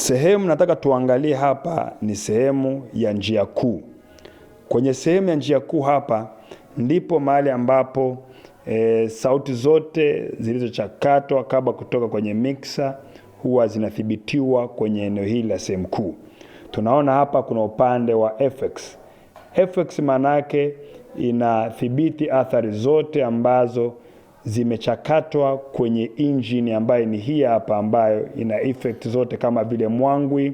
Sehemu nataka tuangalie hapa ni sehemu ya njia kuu. Kwenye sehemu ya njia kuu hapa ndipo mahali ambapo e, sauti zote zilizochakatwa kabla kutoka kwenye mixer huwa zinathibitiwa kwenye eneo hili la sehemu kuu. Tunaona hapa kuna upande wa FX. FX maana yake inathibiti athari zote ambazo zimechakatwa kwenye injini ambayo ni hii hapa, ambayo ina effect zote kama vile mwangwi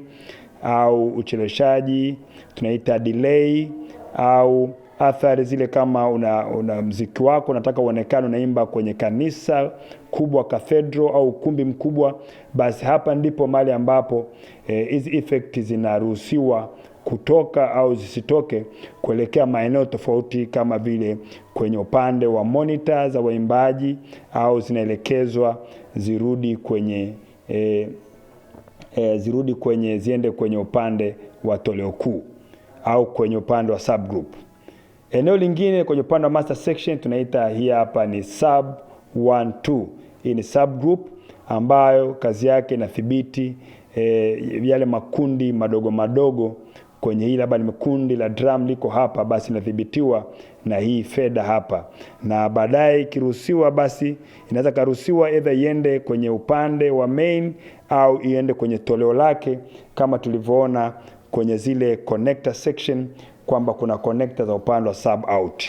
au ucheleshaji tunaita delay au athari zile, kama una, una mziki wako unataka uonekane unaimba kwenye kanisa kubwa kathedro au ukumbi mkubwa, basi hapa ndipo mahali ambapo eh, hizi eh, effect zinaruhusiwa kutoka au zisitoke kuelekea maeneo tofauti kama vile kwenye upande wa monitor za waimbaji au zinaelekezwa zirudi kwenye e, e, zirudi kwenye ziende kwenye upande wa toleo kuu au kwenye upande wa subgroup. Eneo lingine kwenye upande wa master section tunaita hii hapa ni sub 1 2. Hii ni subgroup ambayo kazi yake inathibiti e, yale makundi madogo madogo kwenye hii labda kundi la drum liko hapa, basi inadhibitiwa na hii feda hapa, na baadaye ikiruhusiwa, basi inaweza karuhusiwa either iende kwenye upande wa main au iende kwenye toleo lake, kama tulivyoona kwenye zile connector section kwamba kuna connector za upande wa sub out.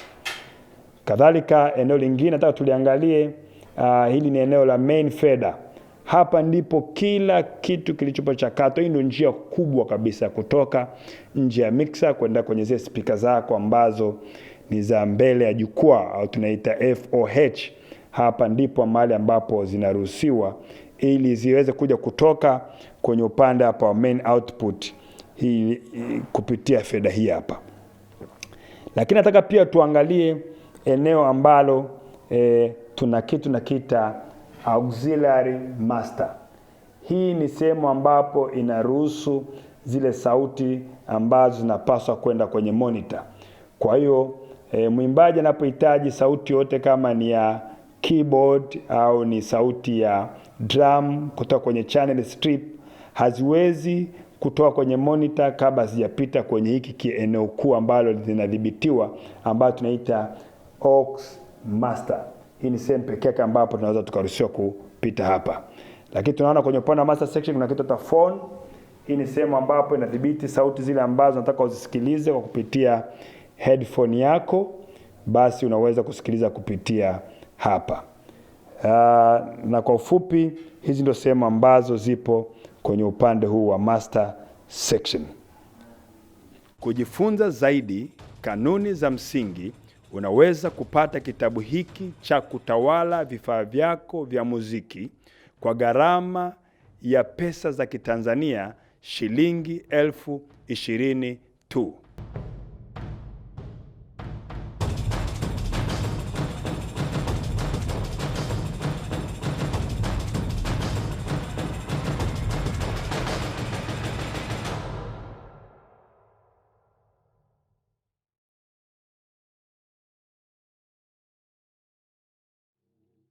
Kadhalika eneo lingine nataka tuliangalie. Uh, hili ni eneo la main feda hapa ndipo kila kitu kilichopochakatwa. Hii ndio njia kubwa kabisa ya kutoka nje ya mixer kwenda kwenye zile spika zako ambazo ni za mbele ya jukwaa au tunaita FOH. Hapa ndipo mahali ambapo zinaruhusiwa ili ziweze kuja kutoka kwenye upande hapa wa main output hii kupitia feda hii hapa. Lakini nataka pia tuangalie eneo ambalo e, tuna kitu kita auxiliary master. Hii ni sehemu ambapo inaruhusu zile sauti ambazo zinapaswa kwenda kwenye monitor. Kwa hiyo e, mwimbaji anapohitaji sauti yote kama ni ya keyboard au ni sauti ya drum kutoka kwenye channel strip haziwezi kutoa kwenye monitor kabla hazijapita kwenye hiki kieneo kuu ambalo linadhibitiwa ambalo tunaita aux master. Hii ni sehemu pekee yake ambapo tunaweza tukaruhusiwa kupita hapa, lakini tunaona kwenye upande wa master section kuna kitu cha phone. Hii ni sehemu ambapo inadhibiti sauti zile ambazo nataka uzisikilize kwa kupitia headphone yako, basi unaweza kusikiliza kupitia hapa. Uh, na kwa ufupi hizi ndio sehemu ambazo zipo kwenye upande huu wa master section. Kujifunza zaidi kanuni za msingi Unaweza kupata kitabu hiki cha kutawala vifaa vyako vya muziki kwa gharama ya pesa za Kitanzania shilingi elfu ishirini tu.